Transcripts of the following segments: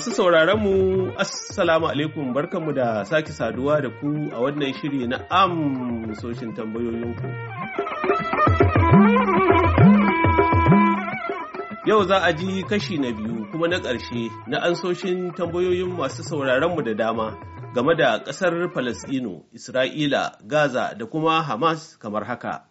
Masu sauraron mu Assalamu alaikum barkanmu da sake saduwa da ku a wannan shiri na soshin tambayoyinku. Yau za a ji kashi na biyu kuma na ƙarshe na ansoshin tambayoyin masu sauraron mu da dama game da ƙasar Falasɗinu, Isra'ila, Gaza da kuma Hamas kamar haka.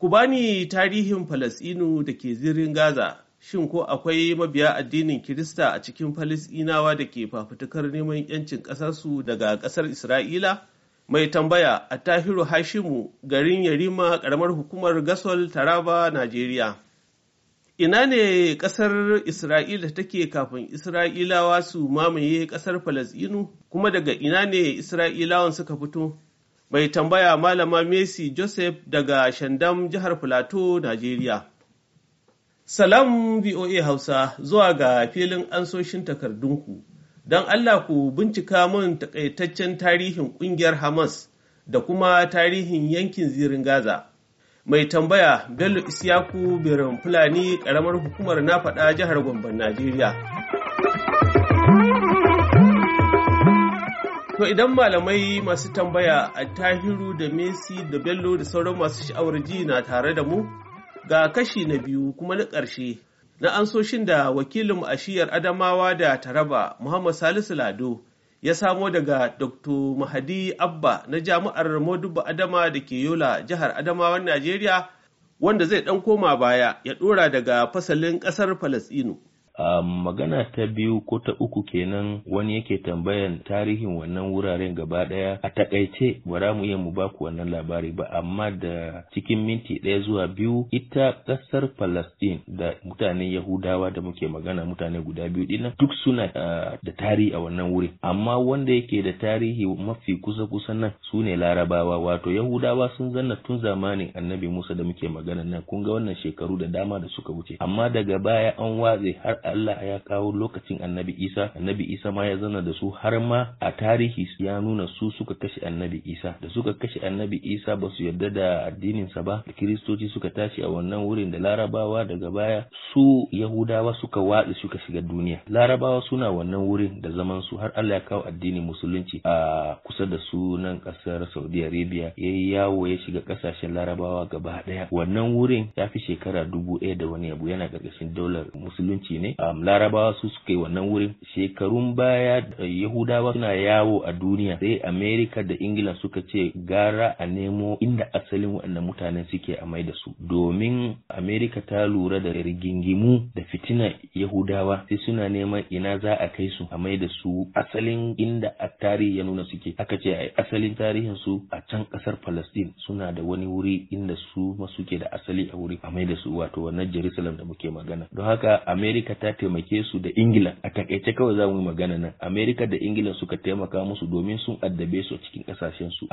Ku bani tarihin Falasɗinu da ke zirin Gaza Shin ko akwai mabiya addinin Kirista a cikin Falasɗinawa da ke fafutukar neman 'yancin ƙasarsu daga ƙasar Isra'ila? Mai tambaya a Tahiru Hashimu garin Yarima ƙaramar hukumar Gasol Taraba, Najeriya. Ina ne ƙasar Isra'ila take kafin Isra'ilawa su mamaye ƙasar Falasɗinu kuma daga ina ne Isra'ilawan suka fito? Mai tambaya Malama Messi Joseph daga Shandam jihar Filato, Najeriya. Salam VOA Hausa zuwa ga filin ansoshin takardunku. Don Allah ku bincika mun takaitaccen tarihin ƙungiyar Hamas da kuma tarihin yankin zirin Gaza. Mai tambaya Bello Isiyaku Birin Fulani ƙaramar hukumar na faɗa jihar Gombe, Najeriya. To idan malamai masu tambaya a Tahiru da Messi da Bello da sauran masu sha'awar ji na tare da mu, Ga kashi na biyu kuma na ƙarshe na ansoshin da wakilin ashiyar Adamawa da Taraba Muhammad Salisu Lado ya samo daga Dr. Mahadi Abba na Jami'ar Modubu Adama da ke Yola jihar Adamawan Najeriya wanda zai ɗan koma baya ya ɗora daga fasalin ƙasar Falasɗinu. magana ta biyu ko ta uku kenan wani yake tambayan tarihin wannan wuraren gaba daya a takaice ba za mu iya mu baku wannan labari ba amma da cikin minti ɗaya zuwa biyu ita ƙasar Palestine da mutanen Yahudawa da muke magana mutane guda biyu dinnan duk suna da tarihi a wannan wuri amma wanda yake da tarihi mafi kusa kusa nan su ne Larabawa wato Yahudawa sun zanna tun zamanin Annabi Musa da muke magana nan kun ga wannan shekaru da dama da suka wuce amma daga baya an watse har Allah ya kawo lokacin annabi Isa annabi Isa ma ya zana da su har ma a tarihi ya nuna su suka kashe annabi Isa da suka kashe annabi Isa ba su yarda da addininsa ba da kiristoci suka tashi a wannan wurin da larabawa daga baya su yahudawa suka watsi suka shiga duniya larabawa suna wannan wurin da zaman su har Allah ya kawo addinin musulunci a kusa da su nan kasar Saudi Arabia yayi yawo ya shiga kasashen larabawa gaba daya wannan wurin ya fi shekara dubu ɗaya da wani abu yana karkashin daular musulunci ne ne larabawa su suka yi wannan wurin shekarun baya eh, yahudawa suna yawo a duniya sai amerika da ingila suka ce gara a nemo inda asalin waɗannan mutane suke a mai da su domin amerika ta lura da rigingimu da fitina yahudawa sai suna neman ina za a kai su a mai da su asalin inda a tarihi ya nuna suke aka ce a asalin tarihin su a can ƙasar palestine suna da wani wuri inda su ma suke da asali a wuri a mai da su wato wannan jerusalem da muke magana don haka amerika ta taimake su da ingila a takaice kawai za mu yi magana nan amerika da ingila suka taimaka musu domin sun addabe su cikin kasashen su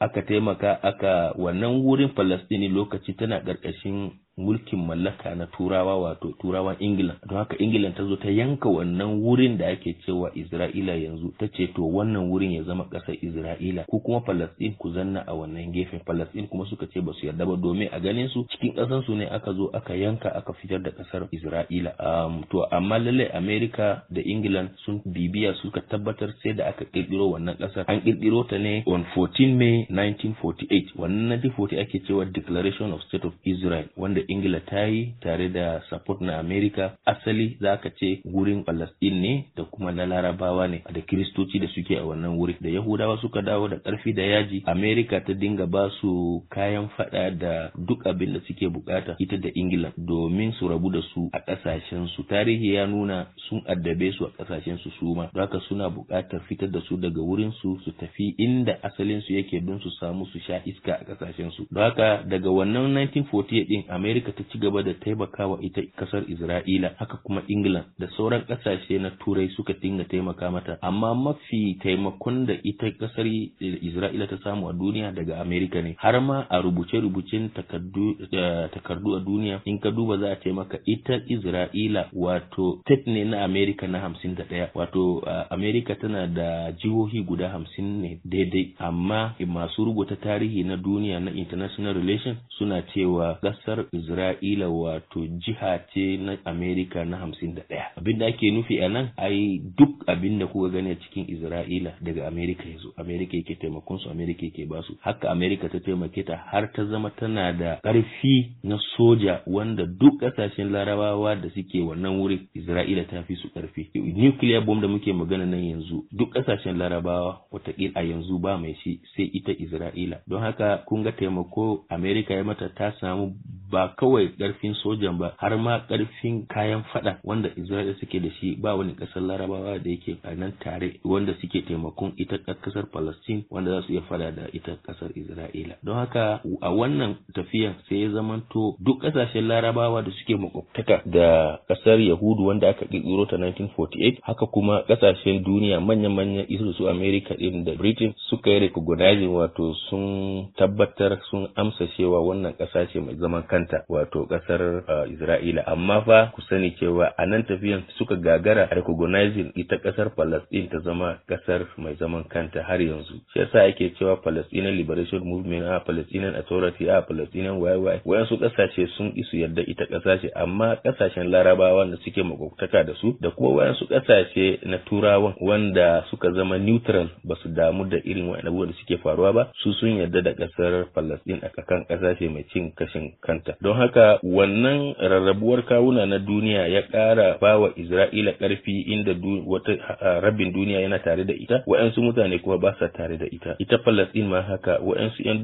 aka taimaka aka wannan wurin falastini lokaci tana ƙarƙashin mulkin mallaka na turawa wato turawan ingila don haka ingila ta zo ta yanka wannan wurin da ake cewa isra'ila yanzu ta ce to wannan wurin ya zama ƙasar isra'ila ko kuma palestin ku zanna a wannan gefen palestin kuma suka ce ba su yarda ba domin a ganin su cikin ƙasar su ne aka zo aka yanka aka fitar da ƙasar isra'ila um, to amma lallai america da england sun bibiya suka tabbatar sai da aka ƙirƙiro wannan ƙasar an ƙirƙiro ta ne on 14 may 1948 wannan 1940 ake cewa declaration of state of israel wanda ingila ta yi tare da support na america asali za ka ce gurin palestine ne da kuma na larabawa ne da kiristoci da suke a wannan wuri da yahudawa suka dawo da karfi da yaji america ta dinga ba su kayan fada da duk abin da suke bukata ita da ingila domin su rabu da su a kasashen su tarihi ya nuna sun addabe su a kasashen su suma haka suna bukatar fitar da su daga wurin su su tafi inda asalin su yake don su samu su sha iska a kasashen su haka daga wannan 1948 din america Amerika ta ci gaba da taimakawa ita kasar Isra'ila haka kuma England da sauran kasashe na Turai suka dinga taimaka mata amma mafi taimakon da ita kasar Isra'ila ta samu a duniya daga Amerika ne har ma a rubuce-rubucen eh, takardu a duniya in ka duba za a ce ita Isra'ila wato state ne na Amerika na hamsin da ɗaya wato Amerika tana da jihohi guda hamsin ne daidai amma masu rubuta tarihi na duniya na international relations suna cewa kasar Isra'ila wato jiha ce na Amerika na hamsin da ɗaya. Abin da ake nufi a nan ai duk abin da kuka gani a cikin Isra'ila daga Amerika yanzu. Amerika yake taimakon su Amerika yake ba Haka Amerika ta taimake ta har ta zama tana da ƙarfi na soja wanda duk ƙasashen larabawa da suke wannan wurin Isra'ila ta fi su ƙarfi. Nukiliya bomb da muke magana nan yanzu duk ƙasashen larabawa watakila a yanzu ba mai shi sai ita Isra'ila. Don haka kun ga taimako Amerika ya mata ta samu ba kawai ƙarfin sojan ba har ma ƙarfin kayan fada wanda Isra'ila suke da shi ba wani ƙasar Larabawa da yake a nan tare wanda suke taimakon ita ƙasar Palestine wanda za su iya fada da ita ƙasar Isra'ila don haka a wannan tafiyar sai ya zamanto duk ƙasashen Larabawa da suke makwabtaka da ƙasar Yahudu wanda aka ƙirƙiro ta 1948 haka kuma ƙasashen duniya manya-manyan isu su America din da Britain suka yi recognizing wato sun tabbatar sun amsa cewa wannan ƙasashe mai zaman kanta wato kasar uh, Isra'ila amma fa ku sani cewa a nan tafiyan suka gagara a recognizing ita kasar Palestine ta zama kasar mai zaman kanta har yanzu shi yasa ake cewa Palestinian Liberation Movement a Palestinian Authority a Palestinian YY wayan su kasashe sun isu yadda ita kasashe amma kasashen Larabawa da suke makwabtaka da su da kuma su kasashe na Turawan wanda suka zama neutral ba su damu da irin waɗannan da suke faruwa ba su sun yarda da kasar Palestine a kan kasashe mai cin kashin kanta ta don haka wannan rarrabuwar kawuna na duniya ya ƙara ba wa Isra'ila karfi inda wata rabin duniya yana tare da ita wa'yansu mutane kuma ba sa tare da ita ita Palestine ma haka wa'yansu ƴan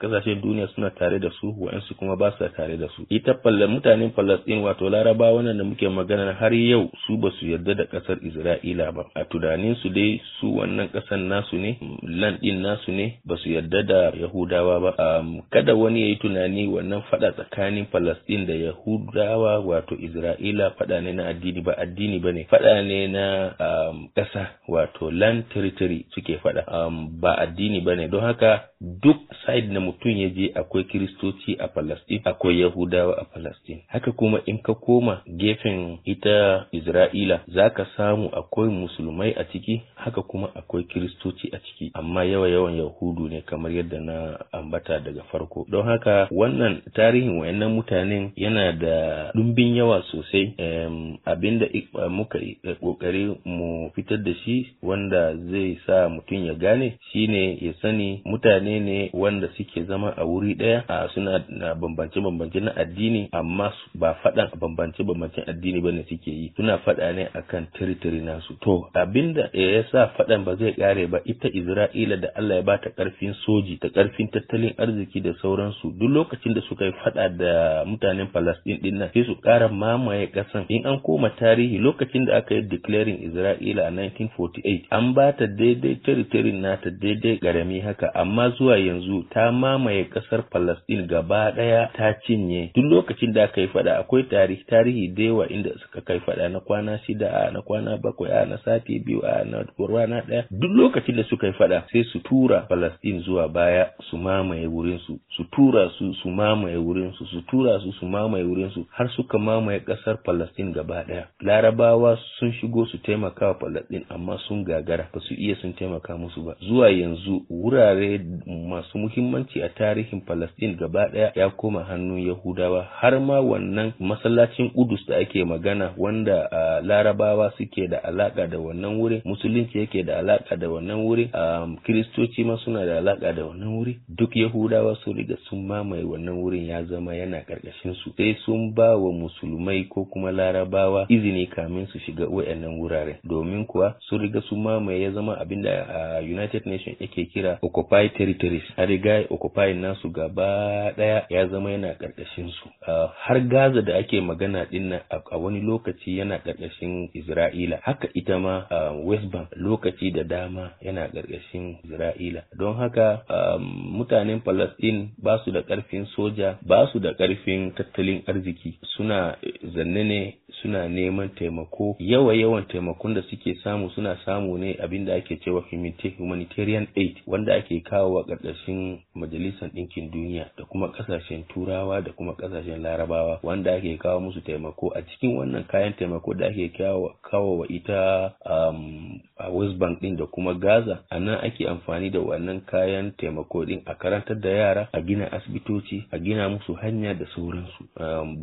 kasashen eh, duniya suna tare da su wa'yansu kuma ba sa tare da su ita mutanen Palestine wato Larabawa nan da muke magana har yau su ba su yarda da ƙasar Isra'ila ba a tunanin su dai su wannan ƙasan nasu ne land din nasu ne ba su yarda da Yahudawa ba kada wani ya yi tunani wannan faɗa tsakanin Falasɗin da Yahudawa wato Isra'ila faɗa ne na addini ba addini ba ne faɗa ne na um, ƙasa wato land territory suke faɗa um, ba addini ba ne don haka duk side na mutum ya je akwai kiristoci a Falasɗin akwai Yahudawa a Falasɗin haka kuma in ka koma gefen ita Isra'ila za ka samu akwai musulmai a ciki haka kuma akwai kiristoci a ciki amma yawa yawan Yahudu ne kamar yadda na ambata daga farko don haka wannan tarihin irin wayannan mutanen yana da ɗumbin yawa sosai abinda eh, muka kokari eh, mu fitar da shi wanda zai sa mutum ya gane shine ya sani mutane ne wanda suke zama a wuri ɗaya a suna na bambance-bambance na addini amma ba faɗan bambance bambance addini ba ne suke yi suna faɗa ne akan tiritiri nasu to abinda ya sa faɗan ba zai ƙare ba ita Isra'ila da Allah ya ba ta ƙarfin soji ta ƙarfin tattalin arziki da sauransu duk lokacin da suka yi faɗa hada da mutanen Falastin din nan sai su ƙara mamaye ƙasan. In an koma tarihi lokacin da aka yi declaring Isra'ila a 1948 an ba ta daidai territory nata daidai garami haka amma zuwa yanzu ta mamaye ƙasar Falastin gaba ɗaya ta cinye. Duk lokacin da aka yi faɗa, akwai tarihi tarihi da yawa inda suka kai faɗa na kwana shida a na kwana bakwai a na sati biyu a na rana ɗaya duk lokacin da suka yi fada sai su tura Falastin zuwa baya su mamaye wurin su tura su su mamaye wurin su su tura su su mamaye wurin su har suka mamaye kasar Palestine gaba daya Larabawa sun shigo su taimaka wa Palestine amma sun gagara ba su iya sun taimaka musu ba zuwa yanzu wurare masu muhimmanci a tarihin Palestine gaba daya ya koma hannun Yahudawa har ma wannan masallacin Kudus da ake magana wanda a Larabawa suke da alaka da wannan wurin musulunci yake da alaka da wannan wurin Kiristoci ma suna da alaka da wannan wuri duk Yahudawa su riga sun mamaye wannan wurin ya zama zama yana karkashin su sai sun ba wa musulmai ko kuma larabawa izini kamin su shiga wayannan wurare. domin kuwa sun riga su mamaye ya zama abin da a United Nations yake kira occupy territories a riga occupy nasu gaba daya ya zama yana karkashin su har Gaza da ake magana din a wani lokaci yana karkashin Isra'ila haka ita ma West Bank lokaci da dama yana ƙarƙashin Isra'ila don haka mutanen Palestine ba su da karfin soja ba su da ƙarfin tattalin arziki suna zanne ne suna neman taimako yawa yawan taimakon da suke samu suna samu ne abin da ake cewa humanitarian aid wanda ake kawo a ƙarƙashin majalisar ɗinkin duniya da kuma ƙasashen turawa da kuma ƙasashen larabawa wanda ake kawo musu taimako a cikin wannan kayan taimako da ake kawo wa ita um, a west bank ɗin da kuma gaza a nan ake amfani da wannan kayan taimako ɗin a karantar da yara a gina asibitoci a gina musu su hanya da sauransu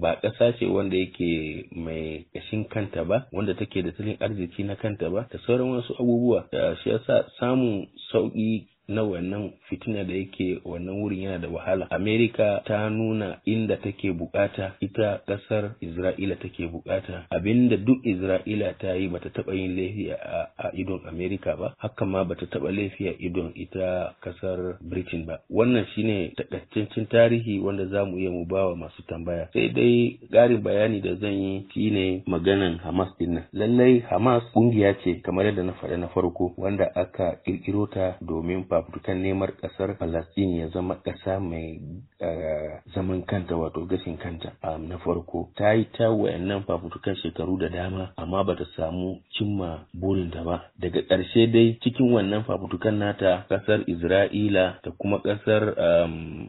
ba ƙasa ce wanda yake mai ƙashin kanta ba wanda take da tattalin arziki na kanta ba da sauran wasu abubuwa shi yasa samun sauƙi na wannan fitina da yake wannan wurin yana da wahala amerika ta nuna inda take bukata ita kasar isra'ila take bukata abinda duk isra'ila ta yi bata taba yin laifi a idon amerika ba haka ma bata taba laifi a idon ita kasar britain ba wannan shine takaitaccen tarihi wanda za mu iya mu bawa masu tambaya sai dai garin bayani da zan yi shine maganan hamas din nan lallai hamas kungiya ce kamar yadda na faɗa na farko wanda aka ƙirƙiro ta domin fa fafutukan neman ƙasar Falastin ya zama ƙasa mai eh, zaman kanta wato gashin kanta na farko ta yi ta wayannan fafutukan shekaru da dama amma ba ta samu cimma burinta ba daga ƙarshe dai cikin wannan fafutukan nata ƙasar Isra'ila da kuma ƙasar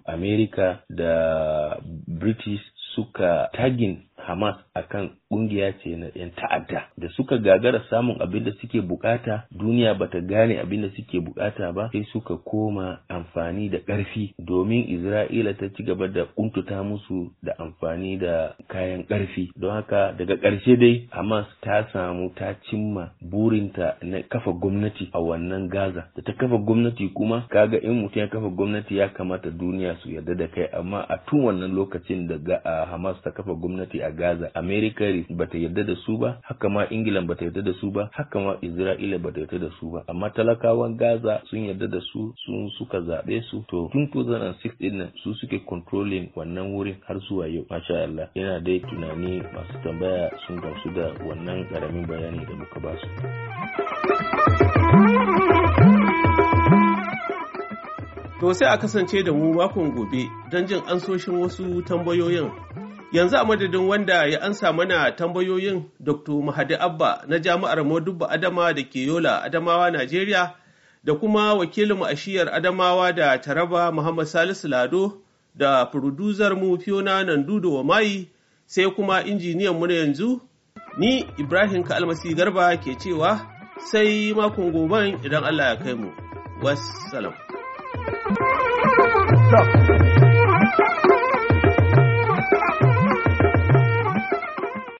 Amerika da British suka tagin Hamas a kan ƙungiya ce na 'yan ta'adda da suka gagara samun abin da suke bukata duniya bata gane abin da suke bukata ba sai suka koma amfani da ƙarfi domin Isra'ila ta ci gaba da kuntuta musu da amfani da kayan ƙarfi don haka daga ƙarshe dai Hamas ta samu ta cimma burinta na kafa gwamnati a wannan Gaza da ta kafa gwamnati kuma kaga in mutum ya kafa gwamnati ya kamata duniya su yarda da kai amma a tun wannan lokacin da Hamas ta kafa gwamnati a Gaza America bata yarda da su ba haka ma England ta yarda da su ba haka ma Isra'ila ta yarda da su ba amma talakawan Gaza sun yarda da su sun suka zabe su to tun 2006 din su suke controlling wannan wurin har zuwa yau masha Allah yana dai tunani masu tambaya sun gamsu da wannan karamin bayani da muka ba su To sai a kasance da mu makon gobe don jin ansoshin wasu tambayoyin Yanzu a madadin wanda ya ansa mana tambayoyin Dr. Mahadi Abba na Jami'ar Modubba Adama da ke Yola Adamawa Najeriya da kuma wakilinmu a shiyar Adamawa da Taraba Muhammad Salisu Lado da furuduzar mu Fiona wa Mayi sai kuma injiniyan mu na yanzu ni Ibrahim Kalmasi Garba ke cewa sai makon goban idan Allah ya kai mu. Wassalam. Stop.